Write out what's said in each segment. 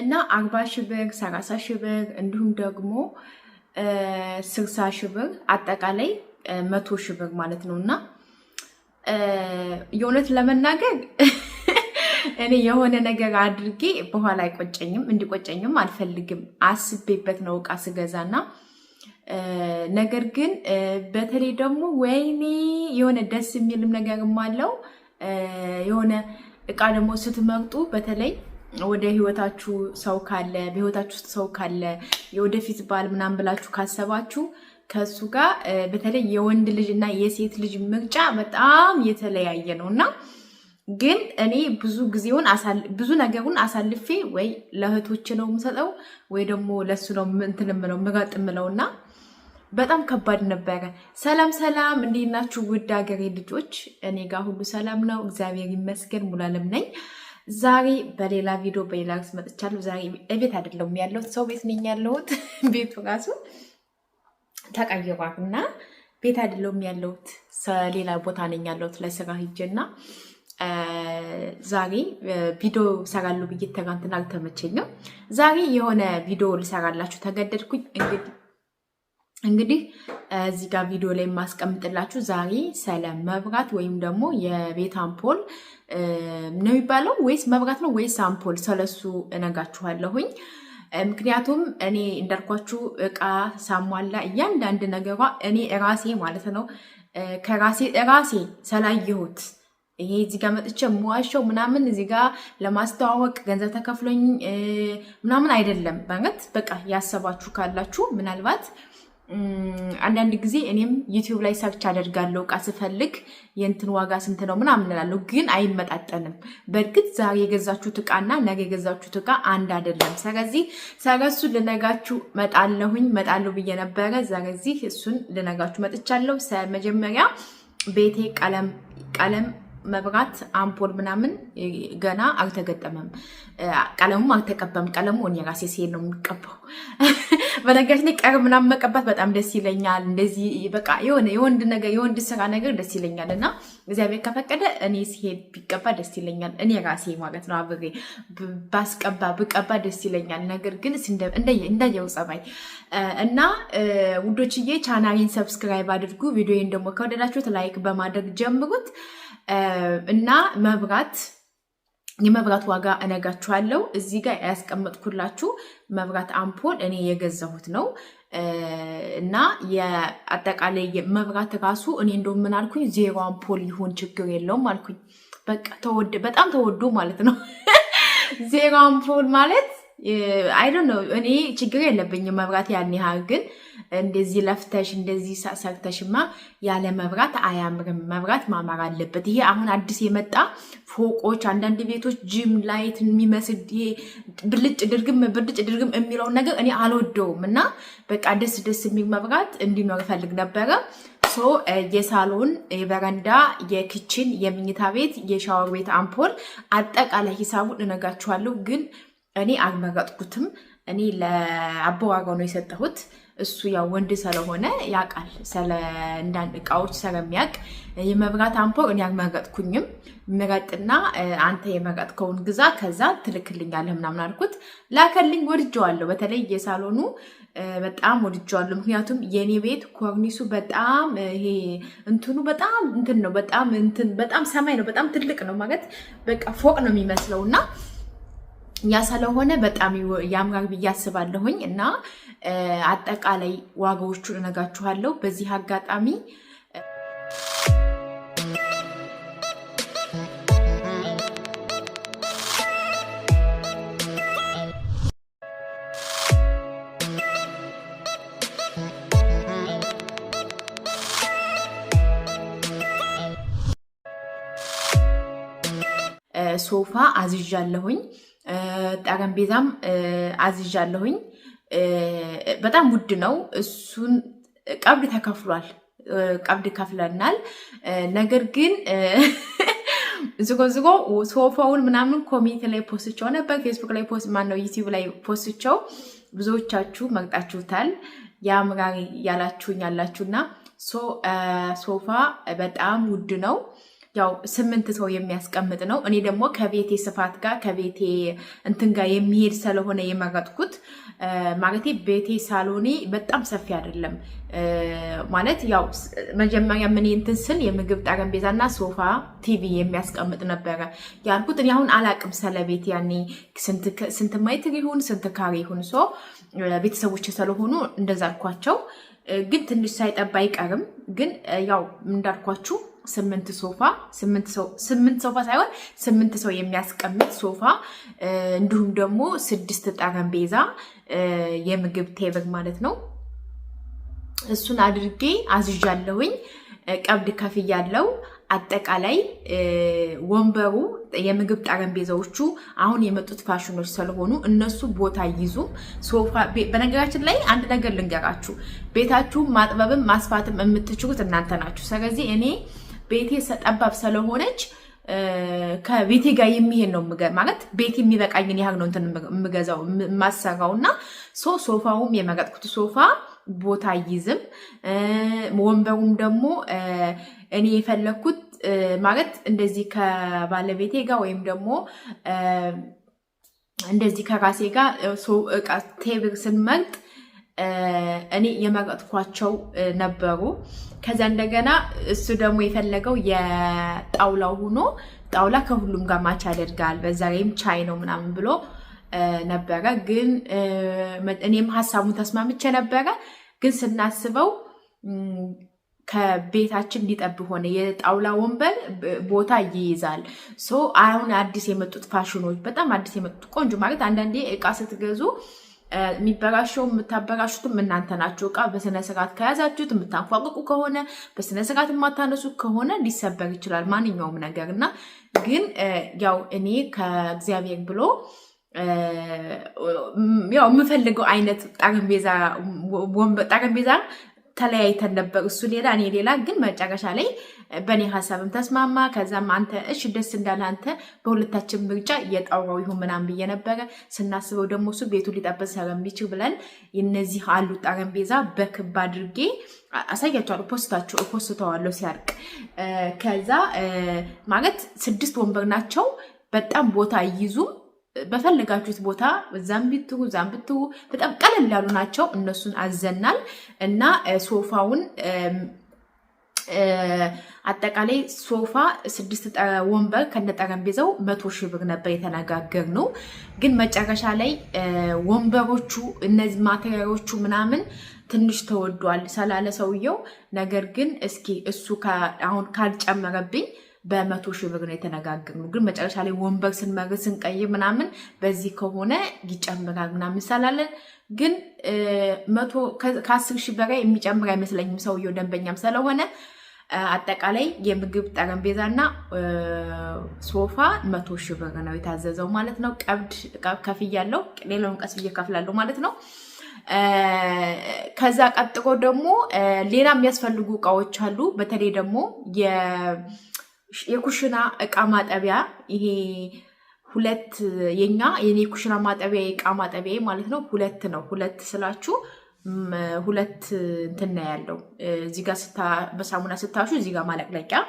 እና አርባ ሺህ ብር ሰላሳ ሺህ ብር እንዲሁም ደግሞ ስልሳ ሺህ ብር አጠቃላይ መቶ ሺህ ብር ማለት ነው እና የእውነት ለመናገር እኔ የሆነ ነገር አድርጌ በኋላ አይቆጨኝም፣ እንዲቆጨኝም አልፈልግም። አስቤበት ነው እቃ ስገዛና ነገር ግን በተለይ ደግሞ ወይኔ የሆነ ደስ የሚልም ነገርም አለው። የሆነ እቃ ደግሞ ስትመርጡ በተለይ ወደ ህይወታችሁ ሰው ካለ በህይወታችሁ ውስጥ ሰው ካለ የወደፊት ባል ምናምን ብላችሁ ካሰባችሁ ከእሱ ጋር በተለይ የወንድ ልጅ እና የሴት ልጅ ምርጫ በጣም የተለያየ ነው እና ግን እኔ ብዙ ጊዜውን ብዙ ነገሩን አሳልፌ ወይ ለእህቶች ነው የምሰጠው ወይ ደግሞ ለእሱ ነው እንትን የምለው ምረጥ የምለው እና በጣም ከባድ ነበረ። ሰላም ሰላም፣ እንዴት ናችሁ ውድ ሀገሬ ልጆች? እኔ ጋር ሁሉ ሰላም ነው፣ እግዚአብሔር ይመስገን። ሙሉዓለም ነኝ። ዛሬ በሌላ ቪዲዮ በሌላ ርዕስ መጥቻለሁ። ዛሬ እቤት አይደለሁም ያለሁት ሰው ቤት ነኝ ያለሁት። ቤቱ ራሱ ተቀይሯል እና ቤት አይደለሁም ያለሁት ሌላ ቦታ ነኝ ያለሁት ለስራ ሂጅ ሂጅና ዛሬ ቪዲዮ ሰራሉ ብዬ ትናንትና አልተመቸኝም። ዛሬ የሆነ ቪዲዮ ልሰራላችሁ ተገደድኩኝ እንግዲህ እንግዲህ እዚህ ጋር ቪዲዮ ላይ የማስቀምጥላችሁ ዛሬ ስለ መብራት ወይም ደግሞ የቤት አምፖል ነው የሚባለው ወይስ መብራት ነው ወይስ አምፖል፣ ስለሱ እነጋችኋለሁኝ። ምክንያቱም እኔ እንዳልኳችሁ እቃ ሳሟላ እያንዳንድ ነገሯ እኔ እራሴ ማለት ነው ከራሴ እራሴ ሰላየሁት ይሄ እዚህ ጋር መጥቼ የምዋሸው ምናምን እዚህ ጋር ለማስተዋወቅ ገንዘብ ተከፍሎኝ ምናምን አይደለም። በእውነት በቃ ያሰባችሁ ካላችሁ ምናልባት አንዳንድ ጊዜ እኔም ዩቲዩብ ላይ ሰርች አደርጋለሁ እቃ ስፈልግ የእንትን ዋጋ ስንት ነው ምናምን እላለሁ፣ ግን አይመጣጠንም። በእርግጥ ዛሬ የገዛችሁት እቃና ነገ የገዛችሁት እቃ አንድ አይደለም። ስለዚህ ሰገሱ ልነጋችሁ መጣለሁኝ መጣለሁ ብዬ ነበረ። ስለዚህ እሱን ልነጋችሁ መጥቻለሁ። መጀመሪያ ቤቴ ቀለም ቀለም መብራት አምፖል ምናምን ገና አልተገጠመም፣ ቀለሙም አልተቀባም። ቀለሙ እኔ ራሴ ሲሄድ ነው የምቀባው። በነገራችን ላይ ቀር ምናምን መቀባት በጣም ደስ ይለኛል። እንደዚህ በቃ የሆነ የወንድ ነገር የወንድ ስራ ነገር ደስ ይለኛል እና እግዚአብሔር ከፈቀደ እኔ ሲሄድ ቢቀባ ደስ ይለኛል። እኔ ራሴ ማለት ነው አብሬ ባስቀባ ብቀባ ደስ ይለኛል። ነገር ግን እንዳየው ጸባይ እና ውዶችዬ ቻናሌን ሰብስክራይብ አድርጉ። ቪዲዮን ደግሞ ከወደዳችሁት ላይክ በማድረግ ጀምሩት። እና መብራት የመብራት ዋጋ አለው እዚህ ጋር ያስቀመጥኩላችሁ መብራት አምፖል እኔ የገዛሁት ነው እና የአጠቃላይ መብራት ራሱ እኔ እንደ ምን አልኩኝ፣ ዜሮ አምፖል ይሁን ችግር የለውም አልኩኝ። በቃ ተወደ፣ በጣም ተወዶ ማለት ነው ዜሮ አምፖል ማለት አይዶ ነው። እኔ ችግር የለብኝም መብራት ያን ያህል ግን እንደዚህ ለፍተሽ እንደዚህ ሰርተሽማ ያለ መብራት አያምርም። መብራት ማማር አለበት። ይሄ አሁን አዲስ የመጣ ፎቆች፣ አንዳንድ ቤቶች ጂም ላይት የሚመስል ይሄ ብልጭ ድርግም ብልጭ ድርግም የሚለውን ነገር እኔ አልወደውም እና በቃ ደስ ደስ የሚል መብራት እንዲኖር እፈልግ ነበረ። ሶ የሳሎን የበረንዳ የክችን የምኝታ ቤት የሻወር ቤት አምፖል አጠቃላይ ሂሳቡን እነጋችኋለሁ ግን እኔ አልመረጥኩትም። እኔ ለአቦ ዋጋው ነው የሰጠሁት። እሱ ያው ወንድ ስለሆነ ያውቃል ስለ እንዳንድ እቃዎች ስለሚያውቅ የመብራት አምፖር እኔ አልመረጥኩኝም። ምረጥና አንተ የመረጥከውን ግዛ፣ ከዛ ትልክልኛለህ ምናምን አልኩት። ላከልኝ። ወድጀዋለሁ። በተለይ የሳሎኑ በጣም ወድጀዋለሁ። ምክንያቱም የእኔ ቤት ኮርኒሱ በጣም ይሄ እንትኑ በጣም እንትን ነው፣ በጣም እንትን በጣም ሰማይ ነው፣ በጣም ትልቅ ነው ማለት በቃ ፎቅ ነው የሚመስለው እና ያ ስለሆነ በጣም ያምራል ብዬ አስባለሁኝ እና አጠቃላይ ዋጋዎቹን እነግራችኋለሁ በዚህ አጋጣሚ ሶፋ አዝዣለሁኝ ጠረጴዛም አዝዣለሁኝ። በጣም ውድ ነው። እሱን ቀብድ ተከፍሏል፣ ቀብድ ከፍለናል። ነገር ግን ዝጎ ዝጎ ሶፋውን ምናምን ኮሚቴ ላይ ፖስቸው ነበር፣ ፌስቡክ ላይ ፖስት ማነው ዩቲዩብ ላይ ፖስቸው፣ ብዙዎቻችሁ መቅጣችሁታል። የአምራሪ ያላችሁኝ ያላችሁና ሶፋ በጣም ውድ ነው። ያው ስምንት ሰው የሚያስቀምጥ ነው። እኔ ደግሞ ከቤቴ ስፋት ጋር ከቤቴ እንትን ጋር የሚሄድ ስለሆነ የመረጥኩት ማለቴ ቤቴ ሳሎኔ በጣም ሰፊ አይደለም። ማለት ያው መጀመሪያ ምን እንትን ስል የምግብ ጠረጴዛና ሶፋ፣ ቲቪ የሚያስቀምጥ ነበረ ያልኩት። እኔ አሁን አላቅም ቤት ያኔ ስንት ማይትር ይሁን ስንት ካሬ ይሁን ሶ ቤተሰቦች ስለሆኑ እንደዛ አልኳቸው። ግን ትንሽ ሳይጠባ አይቀርም። ግን ያው እንዳልኳችሁ ስምንት ሶፋ ስምንት ሶፋ ሳይሆን ስምንት ሰው የሚያስቀምጥ ሶፋ እንዲሁም ደግሞ ስድስት ጠረጴዛ የምግብ ቴብል ማለት ነው። እሱን አድርጌ አዝዣለሁኝ። ቀብድ ያለው አጠቃላይ ወንበሩ የምግብ ጠረጴዛዎቹ አሁን የመጡት ፋሽኖች ስለሆኑ እነሱ ቦታ ይዙ ሶፋ። በነገራችን ላይ አንድ ነገር ልንገራችሁ፣ ቤታችሁን ማጥበብም ማስፋትም የምትችሉት እናንተ ናችሁ። ስለዚህ እኔ ቤቴ ጠባብ ስለሆነች ከቤቴ ጋር የሚሄድ ነው ማለት ቤት የሚበቃኝን ያህል ነው እንትን የምገዛው የማሰራው እና ሶ ሶፋውም የመረጥኩት ሶፋ ቦታ አይይዝም። ወንበሩም ደግሞ እኔ የፈለግኩት ማለት እንደዚህ ከባለቤቴ ጋር ወይም ደግሞ እንደዚህ ከራሴ ጋር እቃ ቴብር ስንመርጥ እኔ የመረጥኳቸው ነበሩ። ከዛ እንደገና እሱ ደግሞ የፈለገው የጣውላው ሆኖ ጣውላ ከሁሉም ጋር ማች ያደርጋል፣ በዛ ላይም ቻይ ነው ምናምን ብሎ ነበረ። ግን እኔም ሀሳቡን ተስማምቼ ነበረ። ግን ስናስበው ከቤታችን ሊጠብ ሆነ። የጣውላ ወንበር ቦታ ይይዛል። ሶ አሁን አዲስ የመጡት ፋሽኖች በጣም አዲስ የመጡት ቆንጆ ማለት አንዳንዴ እቃ ስትገዙ የሚበላሸው የምታበላሹትም እናንተ ናቸው። እቃ በስነስርዓት ከያዛችሁት የምታንፏቅቁ ከሆነ በስነስርዓት የማታነሱ ከሆነ ሊሰበር ይችላል ማንኛውም ነገር እና ግን ያው እኔ ከእግዚአብሔር ብሎ ያው የምፈልገው አይነት ጠረጴዛ ጠረጴዛ ተለያይተን ነበር። እሱ ሌላ እኔ ሌላ። ግን መጨረሻ ላይ በእኔ ሀሳብም ተስማማ። ከዛም አንተ እሽ ደስ እንዳለ አንተ በሁለታችን ምርጫ እየጠራው ይሁን ምናምን ብዬ ነበረ። ስናስበው ደግሞ እሱ ቤቱ ሊጠበስ ስለሚችል ብለን እነዚህ አሉ ጠረጴዛ በክብ አድርጌ አሳያቸዋለሁ። ፖስታቸው ፖስተዋለሁ ሲያርቅ። ከዛ ማለት ስድስት ወንበር ናቸው። በጣም ቦታ አይይዙም። በፈለጋችሁት ቦታ እዛም ብትሁ እዛም ብትሁ በጣም ቀለል ያሉ ናቸው። እነሱን አዘናል እና ሶፋውን አጠቃላይ ሶፋ ስድስት ወንበር ጠረጴዛው መቶ ሺህ ብር ነበር የተነጋገር ነው። ግን መጨረሻ ላይ ወንበሮቹ እነዚህ ማቴሪያሎቹ ምናምን ትንሽ ተወዷል ስላለ ሰውየው ነገር ግን እስኪ እሱ አሁን ካልጨመረብኝ በመቶ ሺህ ብር ነው የተነጋገርነው። ግን መጨረሻ ላይ ወንበር ስንመርስ ስንቀይር ምናምን በዚህ ከሆነ ይጨምራል ምናምን ይሳላለን። ግን ከአስር ሺህ በላይ የሚጨምር አይመስለኝም ሰውየው ደንበኛም ስለሆነ አጠቃላይ የምግብ ጠረጴዛና ሶፋ መቶ ሺህ ብር ነው የታዘዘው ማለት ነው። ቀብድ ከፍያለሁ፣ ሌላውን ቀስ ብዬ ከፍላለሁ ማለት ነው። ከዛ ቀጥሮ ደግሞ ሌላ የሚያስፈልጉ እቃዎች አሉ። በተለይ ደግሞ የኩሽና እቃ ማጠቢያ ይሄ ሁለት የኛ የኔ ኩሽና ማጠቢያ የእቃ ማጠቢያ ማለት ነው። ሁለት ነው። ሁለት ስላችሁ ሁለት እንትና ያለው እዚህ ጋር በሳሙና ስታሹ እዚህ ጋር ማለቅለቂያ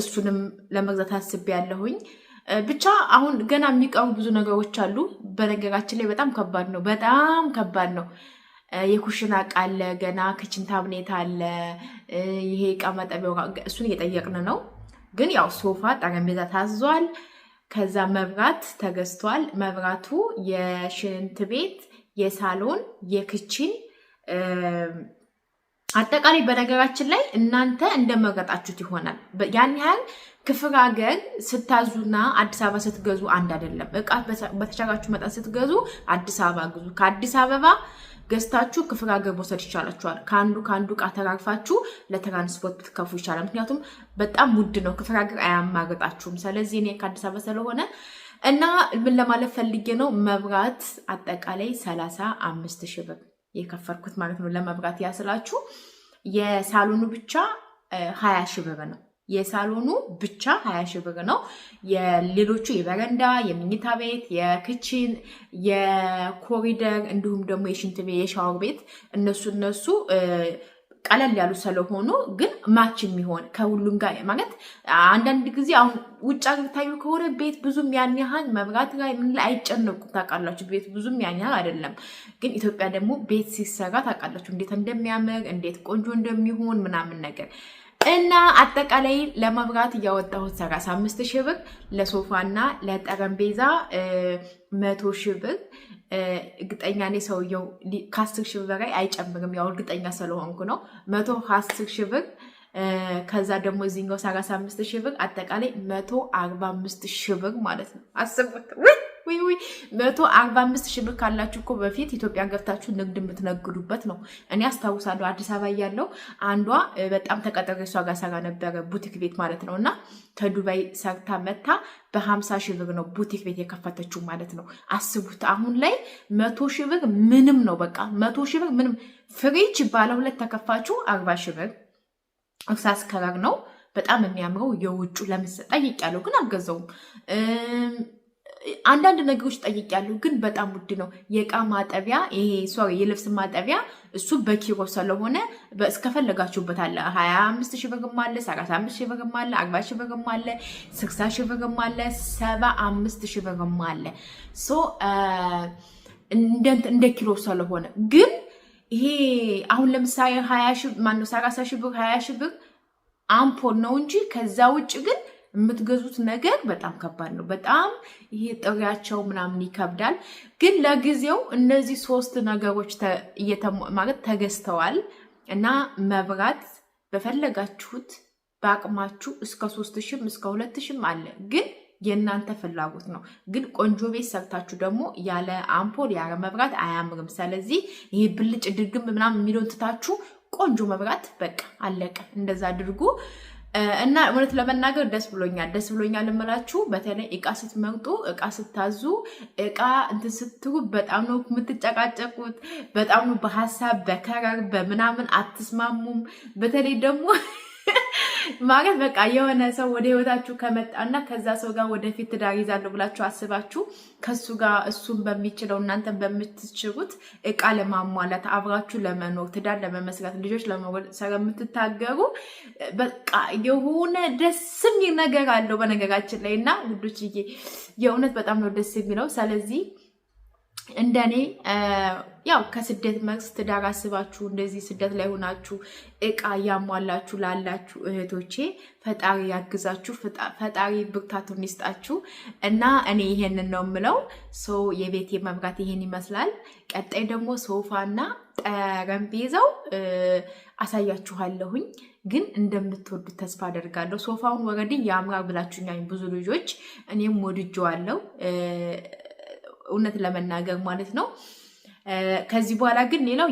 እሱንም ለመግዛት አስቤ ያለሁኝ። ብቻ አሁን ገና የሚቀሩ ብዙ ነገሮች አሉ። በነገራችን ላይ በጣም ከባድ ነው። በጣም ከባድ ነው። የኩሽና እቃ አለ ገና፣ ክችን ታብኔት አለ፣ ይሄ እቃ ማጠቢያ እሱን እየጠየቅን ነው። ግን ያው ሶፋ፣ ጠረጴዛ ታዟል። ከዛ መብራት ተገዝቷል። መብራቱ የሽንት ቤት፣ የሳሎን፣ የክችን አጠቃላይ በነገራችን ላይ እናንተ እንደመረጣችሁት ይሆናል። ያን ያህል ክፍለ ሀገር ስታዙና አዲስ አበባ ስትገዙ አንድ አይደለም። እቃ በተቻላችሁ መጠን ስትገዙ አዲስ አበባ ግዙ። ከአዲስ አበባ ገዝታችሁ ክፍለ ሀገር መውሰድ ይቻላችኋል። ከአንዱ ከአንዱ እቃ ተራርፋችሁ ለትራንስፖርት ብትከፉ ይቻላል። ምክንያቱም በጣም ውድ ነው፣ ክፍለ ሀገር አያማርጣችሁም። ስለዚህ እኔ ከአዲስ አበባ ስለሆነ እና ምን ለማለት ፈልጌ ነው፣ መብራት አጠቃላይ ሰላሳ አምስት ሺህ ብር የከፈልኩት ማለት ነው። ለመብራት ያስላችሁ የሳሎኑ ብቻ ሀያ ሺህ ብር ነው። የሳሎኑ ብቻ ሀያ ሺህ ብር ነው። የሌሎቹ የበረንዳ፣ የምኝታ ቤት፣ የክችን፣ የኮሪደር እንዲሁም ደግሞ የሽንት ቤት፣ የሻወር ቤት እነሱ እነሱ ቀለል ያሉ ስለሆኑ ግን ማች የሚሆን ከሁሉም ጋር ማለት አንዳንድ ጊዜ አሁን ውጭ ሀገር ታዩ ከሆነ ቤት ብዙም ያን ያህል መብራት ላይ ምን ላይ አይጨነቁም። ታውቃላችሁ ቤት ብዙም ያን ያህል አይደለም። ግን ኢትዮጵያ ደግሞ ቤት ሲሰራ ታውቃላችሁ እንዴት እንደሚያምር እንዴት ቆንጆ እንደሚሆን ምናምን ነገር እና አጠቃላይ ለመብራት እያወጣሁት ሰላሳ አምስት ሺህ ብር ለሶፋና ለጠረጴዛ መቶ ሺህ ብር እርግጠኛ እኔ ሰውየው ከአስር ሺህ ብር በላይ አይጨምርም። ያው እርግጠኛ ስለሆንኩ ነው። መቶ አስር ሺህ ብር ከዛ ደግሞ እዚህኛው ሰላሳ አምስት ሺህ ብር አጠቃላይ መቶ አርባ አምስት ሺህ ብር ማለት ነው። አስቡት። ወይ ወይ መቶ አርባ አምስት ሺህ ብር ካላችሁ እኮ በፊት ኢትዮጵያ ገብታችሁ ንግድ የምትነግዱበት ነው። እኔ አስታውሳለሁ አዲስ አበባ እያለሁ አንዷ በጣም ተቀጠረ እሷ ጋር ሰራ ነበረ ቡቲክ ቤት ማለት ነው። እና ከዱባይ ሰርታ መታ በሀምሳ ሺህ ብር ነው ቡቲክ ቤት የከፈተችው ማለት ነው። አስቡት አሁን ላይ መቶ ሺህ ብር ምንም ነው። በቃ መቶ ሺህ ብር ምንም። ፍሪጅ ባለ ሁለት ተከፋችሁ አርባ ሺህ ብር እርሳስ ከረር ነው በጣም የሚያምረው የውጩ ለምን ጠይቅ ያለው ግን አልገዛውም። አንዳንድ ነገሮች ጠይቄያለሁ፣ ግን በጣም ውድ ነው። የእቃ ማጠቢያ ይሄ ሶሪ የልብስ ማጠቢያ እሱ በኪሮ ስለሆነ እስከፈለጋችሁበት አለ። ሀያ አምስት ሺህ ብርም አለ፣ ሰላሳ አምስት ሺህ ብርም አለ፣ አርባ ሺህ ብርም አለ፣ ስልሳ ሺህ ብርም አለ፣ ሰባ አምስት ሺህ ብርም አለ። ሶ እንደ ኪሮ ስለሆነ ግን ይሄ አሁን ለምሳሌ ሀያ ሺህ ማነው ሰላሳ ሺህ ብር ሀያ ሺህ ብር አምፖል ነው እንጂ ከዛ ውጭ ግን የምትገዙት ነገር በጣም ከባድ ነው። በጣም ይሄ ጥሪያቸው ምናምን ይከብዳል። ግን ለጊዜው እነዚህ ሶስት ነገሮች ማለት ተገዝተዋል እና መብራት በፈለጋችሁት በአቅማችሁ እስከ ሶስት ሽም እስከ ሁለት ሺህም አለ ግን የእናንተ ፍላጎት ነው። ግን ቆንጆ ቤት ሰርታችሁ ደግሞ ያለ አምፖል ያለ መብራት አያምርም። ስለዚህ ይሄ ብልጭ ድርግም ምናምን የሚለውን ትታችሁ ቆንጆ መብራት በቃ አለቀ፣ እንደዛ አድርጉ። እና እውነት ለመናገር ደስ ብሎኛል፣ ደስ ብሎኛል እምላችሁ። በተለይ እቃ ስትመጡ፣ እቃ ስታዙ፣ እቃ እንትን ስትሉ በጣም ነው የምትጨቃጨቁት። በጣም ነው በሀሳብ በከረር በምናምን አትስማሙም። በተለይ ደግሞ ማለት በቃ የሆነ ሰው ወደ ህይወታችሁ ከመጣና ከዛ ሰው ጋር ወደፊት ትዳር ይዛለሁ ብላችሁ አስባችሁ ከሱ ጋር እሱን በሚችለው እናንተን በምትችሉት እቃ ለማሟላት አብራችሁ ለመኖር ትዳር ለመመስረት ልጆች ለመሰረ የምትታገሩ በቃ የሆነ ደስ የሚል ነገር አለው በነገራችን ላይ እና ውዶችዬ የእውነት በጣም ነው ደስ የሚለው ስለዚህ እንደኔ ያው ከስደት መቅስ ትዳር አስባችሁ እንደዚህ ስደት ላይ ሆናችሁ እቃ እያሟላችሁ ላላችሁ እህቶቼ ፈጣሪ ያግዛችሁ፣ ፈጣሪ ብርታቱን ይስጣችሁ እና እኔ ይሄንን ነው የምለው። ሰው የቤት መብራት ይሄን ይመስላል። ቀጣይ ደግሞ ሶፋና ጠረጴዛው አሳያችኋለሁኝ ግን እንደምትወዱት ተስፋ አደርጋለሁ። ሶፋውን ወረድ ያምራል ብላችሁኛኝ ብዙ ልጆች፣ እኔም ወድጀዋለሁ። እውነት ለመናገር ማለት ነው። ከዚህ በኋላ ግን ሌላው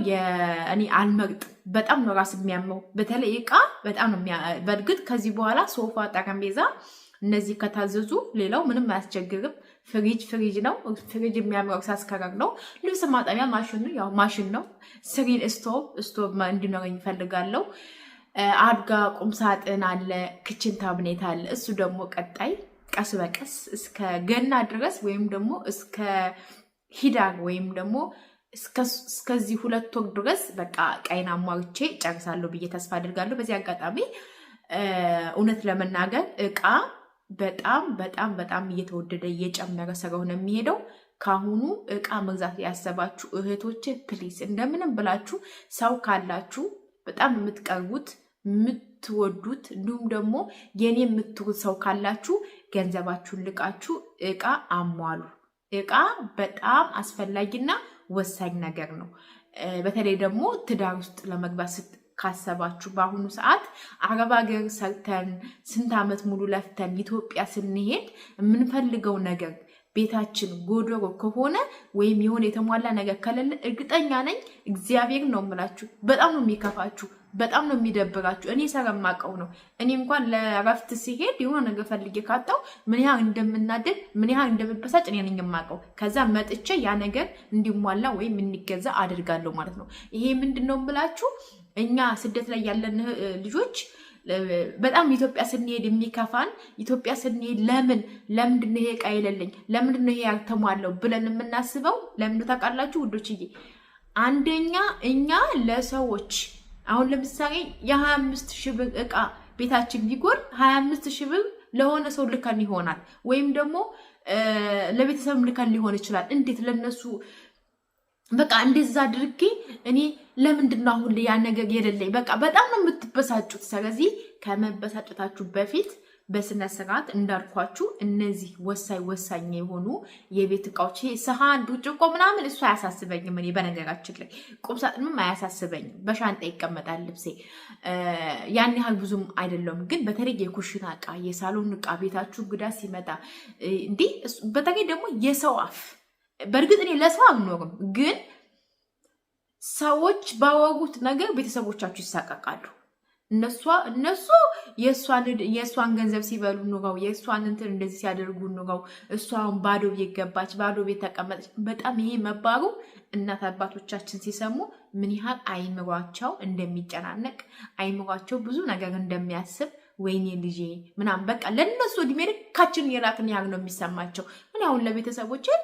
እኔ አልመርጥ በጣም ነው ራስ የሚያመው። በተለይ እቃ በጣም ነው። በእርግጥ ከዚህ በኋላ ሶፋ፣ ጠረጴዛ እነዚህ ከታዘዙ ሌላው ምንም አያስቸግርም። ፍሪጅ ፍሪጅ ነው። ፍሪጅ የሚያምረው ሳስከረር ነው። ልብስ ማጠቢያ ማሽን ነው፣ ያው ማሽን ነው። ስሪን ስቶቭ ስቶቭ እንዲኖረኝ ይፈልጋለው። አድጋ ቁምሳጥን አለ፣ ክችን ታብኔት አለ። እሱ ደግሞ ቀጣይ ቀስ በቀስ እስከ ገና ድረስ ወይም ደግሞ እስከ ሂዳር ወይም ደግሞ እስከዚህ ሁለት ወር ድረስ በቃ ቀይን አሟርቼ ጨርሳለሁ ብዬ ተስፋ አድርጋለሁ። በዚህ አጋጣሚ እውነት ለመናገር እቃ በጣም በጣም በጣም እየተወደደ እየጨመረ ስለሆነ የሚሄደው ካሁኑ እቃ መግዛት ያሰባችሁ እህቶች ፕሊስ እንደምንም ብላችሁ ሰው ካላችሁ በጣም የምትቀርቡት የምትወዱት እንዲሁም ደግሞ የኔ የምትውት ሰው ካላችሁ ገንዘባችሁን ልቃችሁ እቃ አሟሉ። እቃ በጣም አስፈላጊና ወሳኝ ነገር ነው። በተለይ ደግሞ ትዳር ውስጥ ለመግባት ካሰባችሁ በአሁኑ ሰዓት አረብ ሀገር ሰርተን ስንት ዓመት ሙሉ ለፍተን ኢትዮጵያ ስንሄድ የምንፈልገው ነገር ቤታችን ጎዶሮ ከሆነ ወይም የሆነ የተሟላ ነገር ከሌለ እርግጠኛ ነኝ እግዚአብሔር ነው የምላችሁ፣ በጣም ነው የሚከፋችሁ። በጣም ነው የሚደብራችሁ። እኔ ሰረማቀው ነው እኔ እንኳን ለእረፍት ሲሄድ የሆነ ነገር ፈልጌ ካጣው ምን ያህል እንደምናደድ ምን ያህል እንደምበሳጭ እኔ ነኝ የማውቀው። ከዛ መጥቼ ያ ነገር እንዲሟላ ወይም እንዲገዛ አድርጋለሁ ማለት ነው። ይሄ ምንድን ነው ብላችሁ እኛ ስደት ላይ ያለን ልጆች በጣም ኢትዮጵያ ስንሄድ የሚከፋን ኢትዮጵያ ስንሄድ ለምን ለምንድን ነው ይሄ ዕቃ የሌለኝ ለምንድን ነው ይሄ ያልተሟለው ብለን የምናስበው ለምን ታውቃላችሁ ውዶችዬ? አንደኛ እኛ ለሰዎች አሁን ለምሳሌ የ25 ሺህ ብር እቃ ቤታችን ቢጎል 25 ሺህ ብር ለሆነ ሰው ልከን ይሆናል፣ ወይም ደግሞ ለቤተሰብ ልከን ሊሆን ይችላል። እንዴት ለነሱ በቃ እንደዛ አድርጌ እኔ ለምንድን ነው አሁን ያ ነገር የሌለኝ? በቃ በጣም ነው የምትበሳጩት። ስለዚህ ከመበሳጨታችሁ በፊት በስነ ስርዓት እንዳልኳችሁ እነዚህ ወሳኝ ወሳኝ የሆኑ የቤት እቃዎች ሰሃን፣ ብርጭቆ ምናምን እሱ አያሳስበኝም። እኔ በነገራችን ላይ ቁምሳጥንም አያሳስበኝም። በሻንጣ ይቀመጣል ልብሴ። ያን ያህል ብዙም አይደለም። ግን በተለይ የኩሽና እቃ፣ የሳሎን እቃ ቤታችሁ እንግዳ ሲመጣ እንዲህ በተለይ ደግሞ የሰው አፍ በእርግጥ እኔ ለሰው አልኖርም፣ ግን ሰዎች ባወሩት ነገር ቤተሰቦቻችሁ ይሳቀቃሉ። እነሱ የእሷን ገንዘብ ሲበሉ ኑረው የእሷን እንትን እንደዚህ ሲያደርጉ ኑረው እሷን ባዶ ቤት ገባች፣ ባዶ ቤት ተቀመጠች። በጣም ይሄ መባሩ እናት አባቶቻችን ሲሰሙ ምን ያህል አይምሯቸው እንደሚጨናነቅ አይምሯቸው ብዙ ነገር እንደሚያስብ ወይኔ ልጄ ምናምን በቃ ለእነሱ እድሜ ልካችን የላክን ያህል ነው የሚሰማቸው። ምን ያሁን ለቤተሰቦችን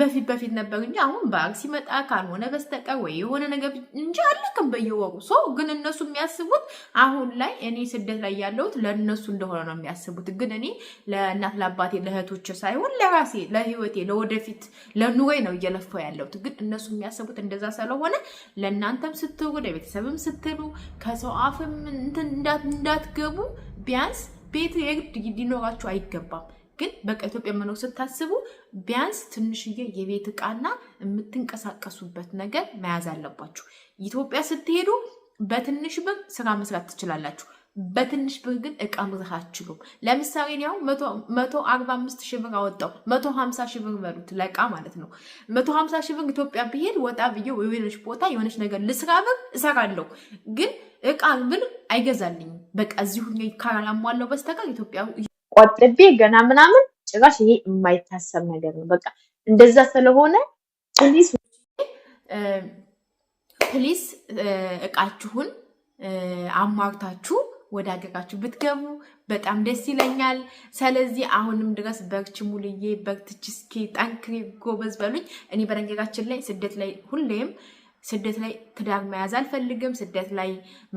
በፊት በፊት ነበር እንጂ አሁን ባግ ሲመጣ ካልሆነ በስተቀር ወይ የሆነ ነገር እንጂ አለቅም በየወሩ ሰው ግን እነሱ የሚያስቡት አሁን ላይ እኔ ስደት ላይ ያለሁት ለእነሱ እንደሆነ ነው የሚያስቡት። ግን እኔ ለእናት ለአባቴ፣ ለእህቶች ሳይሆን ለራሴ ለህይወቴ፣ ለወደፊት ለኑሬ ነው እየለፈው ያለሁት። ግን እነሱ የሚያስቡት እንደዛ ስለሆነ ለእናንተም ስትሉ ለቤተሰብም ስትሉ ከሰው አፍም እንዳትገቡ ቢያንስ ቤት የግድ ሊኖራችሁ አይገባም። ግን በቃ ኢትዮጵያ መኖር ስታስቡ ቢያንስ ትንሽዬ የቤት እቃና የምትንቀሳቀሱበት ነገር መያዝ አለባችሁ። ኢትዮጵያ ስትሄዱ በትንሽ ብር ስራ መስራት ትችላላችሁ። በትንሽ ብር ግን እቃ መግዛት አትችሉም። ለምሳሌ ያው መቶ አርባ አምስት ሺህ ብር አወጣው መቶ ሀምሳ ሺህ ብር በሉት ለእቃ ማለት ነው። መቶ ሀምሳ ሺህ ብር ኢትዮጵያ ብሄድ ወጣ ብዬ የሆነች ቦታ የሆነች ነገር ልስራ ብር እሰራለሁ፣ ግን እቃ ብል አይገዛልኝም። በቃ እዚሁ ካላሟለው በስተቀር ኢትዮጵያ ቆጥቤ ገና ምናምን ጭራሽ ይሄ የማይታሰብ ነገር ነው። በቃ እንደዛ ስለሆነ ፕሊስ ፕሊስ እቃችሁን አሟርታችሁ ወደ አገራችሁ ብትገቡ በጣም ደስ ይለኛል። ስለዚህ አሁንም ድረስ በርች ሙልዬ፣ በርትቺ፣ እስኪ ጠንክሪ፣ ጎበዝ በሉኝ። እኔ በነገራችን ላይ ስደት ላይ ሁሌም ስደት ላይ ትዳር መያዝ አልፈልግም፣ ስደት ላይ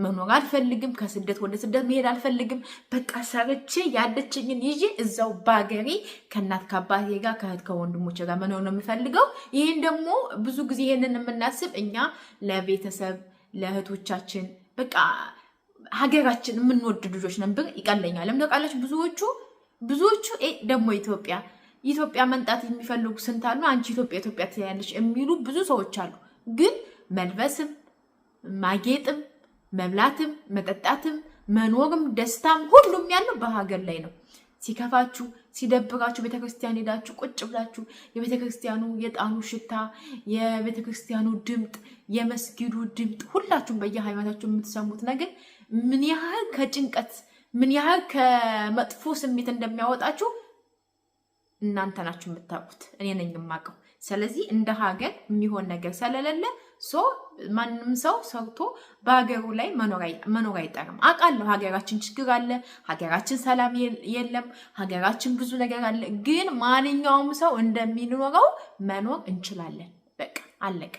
መኖር አልፈልግም፣ ከስደት ወደ ስደት መሄድ አልፈልግም። በቃ ሰርቼ ያለችኝን ይዤ እዛው ባገሬ ከእናት ከአባቴ ጋር ከእህት ከወንድሞች ጋር መኖር ነው የምፈልገው። ይህን ደግሞ ብዙ ጊዜ ይህንን የምናስብ እኛ ለቤተሰብ ለእህቶቻችን በቃ ሀገራችን የምንወድ ልጆች ነን ብር ይቀለኛል። ቃላች ብዙዎቹ ብዙዎቹ ደግሞ ኢትዮጵያ ኢትዮጵያ መንጣት የሚፈልጉ ስንት አሉ። አንቺ ኢትዮጵያ ኢትዮጵያ ትያለች የሚሉ ብዙ ሰዎች አሉ ግን መልበስም ማጌጥም መብላትም መጠጣትም መኖርም ደስታም ሁሉም ያለው በሀገር ላይ ነው። ሲከፋችሁ ሲደብራችሁ ቤተክርስቲያን ሄዳችሁ ቁጭ ብላችሁ የቤተክርስቲያኑ የጣኑ ሽታ፣ የቤተክርስቲያኑ ድምጥ፣ የመስጊዱ ድምጥ ሁላችሁም በየሃይማኖታችሁ የምትሰሙት ነገር ምን ያህል ከጭንቀት ምን ያህል ከመጥፎ ስሜት እንደሚያወጣችሁ እናንተ ናችሁ የምታውቁት። እኔ ነኝ የማውቀው። ስለዚህ እንደ ሀገር የሚሆን ነገር ስለሌለ ሶ ማንም ሰው ሰርቶ በሀገሩ ላይ መኖር አይጠርም። አውቃለሁ ሀገራችን ችግር አለ፣ ሀገራችን ሰላም የለም፣ ሀገራችን ብዙ ነገር አለ። ግን ማንኛውም ሰው እንደሚኖረው መኖር እንችላለን። በቃ አለቀ።